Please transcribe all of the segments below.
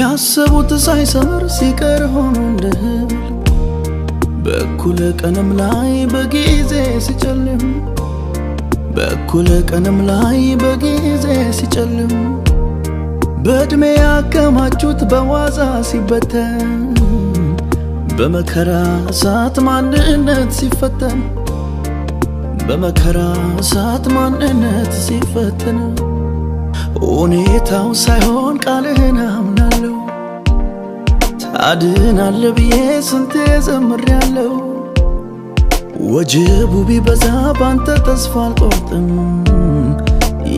ያሰቡት ሳይሰምር ሲቀር ሆኖ እንደ በኩል ቀንም ላይ በጊዜ ሲጨልም በኩል ቀንም ላይ በጊዜ ሲጨልም በእድሜ ያከማቹት በዋዛ ሲበተን በመከራ እሳት ማንነት ሲፈተን በመከራ እሳት ማንነት ሲፈተን ሁኔታው ሳይሆን ቃልህን አምነ አድናለ ብዬ ስንቴ ያለው ወጀቡ ቢበዛ ባንተ ተስፋ አልቆርጥም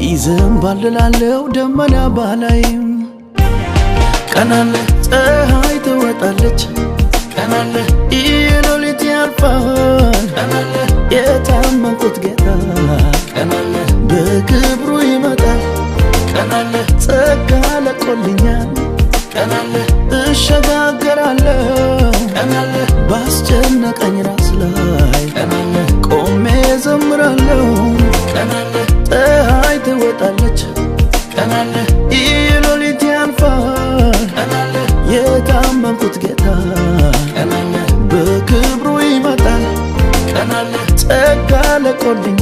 ይዘንባል እላለው ደመና ባላይም ቀናለ ፀሐይ ትወጣለች ቀናለ የሌሊት ያርፋል የታመንኩት ጌታ ቀናለ በክብሩ ይመጣል ቀናለ ጸጋ ለቆልኛል ቀናለ እሸጋገራለሁ ባስጨነቀኝ ራስ ላይ ቆሜ ዘምራለሁ። ፀሐይ ትወጣለች የሌሊት ያልፋል የታመንኩት ጌታ በክብሩ ይመጣል ጸጋ ለቆልኝ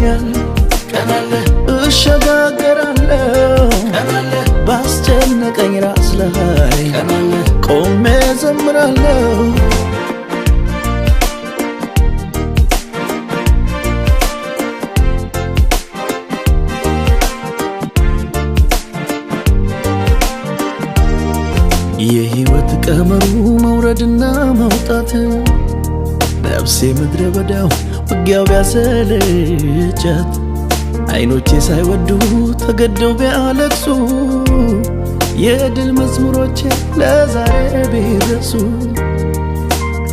መውጣትን ነፍሴ ምድረ በዳው ውጊያው ቢያሰለቻት አይኖቼ ሳይወዱ ተገደው ቢያለቅሱ የድል መዝሙሮቼ ለዛሬ ቢረሱ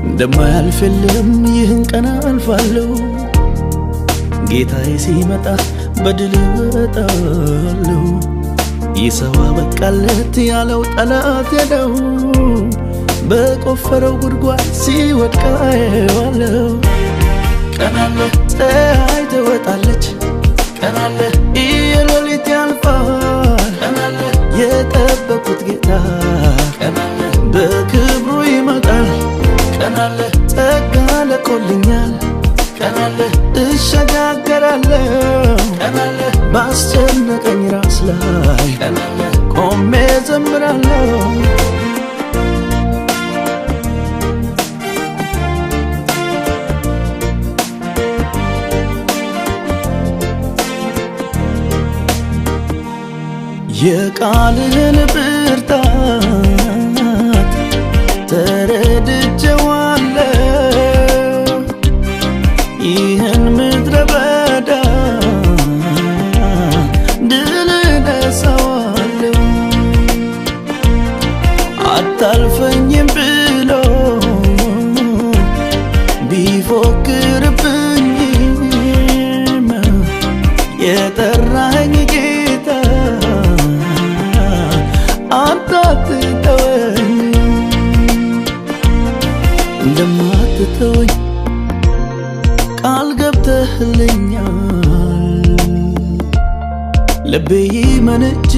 እንደማያልፍልም ይህን ቀን አልፋለሁ ጌታዬ ሲመጣ በድል እወጣለሁ ይሰዋ በቃለት ያለው ጠላት የለው በቆፈረው ጉድጓድ ሲወድቅ አየዋለው። ቀናለ ፀሐይ ትወጣለች፣ ቀናለ የሌሊት ያልፋል። ቀናለ የጠበቁት ጌታ ቀናለ በክብሩ ይመጣል። ቀናለ ጸጋ ለቆልኛል፣ ቀናለ እሸጋገራለው። ቀናለ ባስጨነቀኝ ራስ ላይ ቆሜ ዘምራለው የቃልህን ብርታት ተረድቼዋለሁ። ይህን ምድረ በዳ ድል አታልፈኝም ብሎ ቢፎክር ቃል ገብተህልኛል ልቤ ይመን እንጂ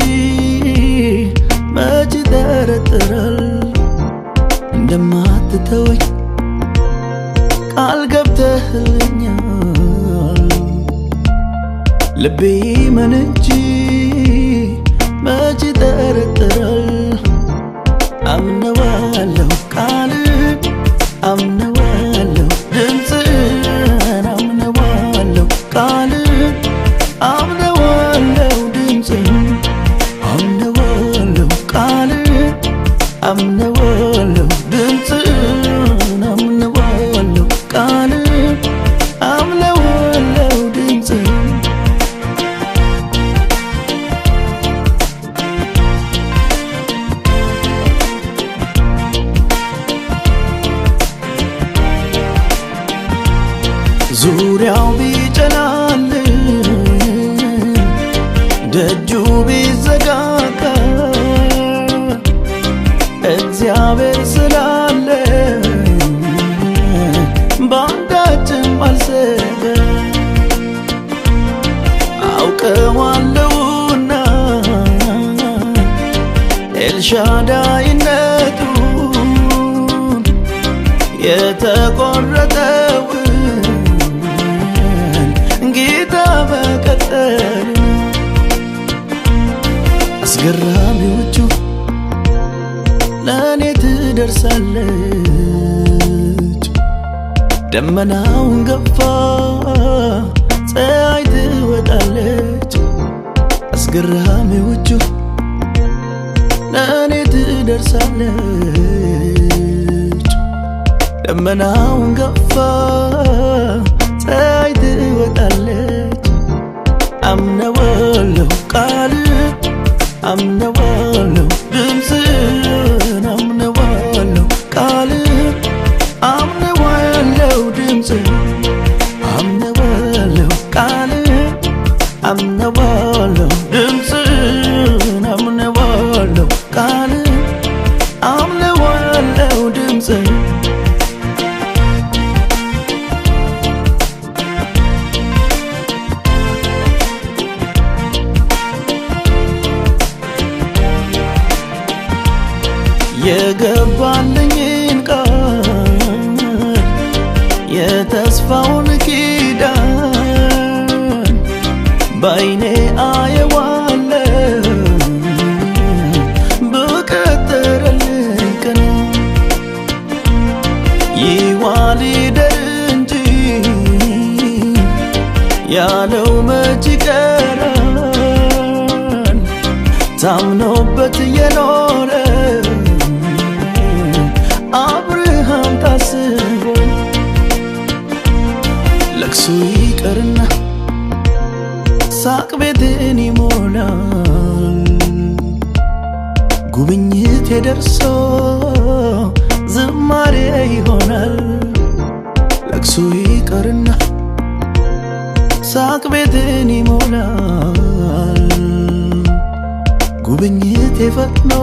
መች ይጠረጥራል እንደማትተወኝ ቃል ገብተህልኛል ልቤ ይመን እንጂ መች ይጠረጥራል አምነዋል ዙሪያው ቢጨላልም ደጁ ቢዘጋጋ እግዚአብሔር ስላለ በአንዳችም አልሰጋ አውቀዋለሁና ኤልሻዳ አለች። ደመናውን ገፋ ፀሐይ ትወጣለች። አስገራሚዎቹ ለእኔ ትደርሳለች። ደመናውን ገፋ የገባልኝን ቃል የተስፋውን ኪዳን ባይኔ አየዋለው በቀጠረልኝ ቀን ይዋል ይደር እንጂ ያለው መች ይቀራል ታምኖበት የኖረ ይቀርና ሳቅ ቤትን ይሞላል። ጉብኝት የደርሶ ዝማሬ ይሆናል። ለቅሶ ይቀርና ሳቅ ቤትን ይሞላል። ጉብኝት የፈጥኖ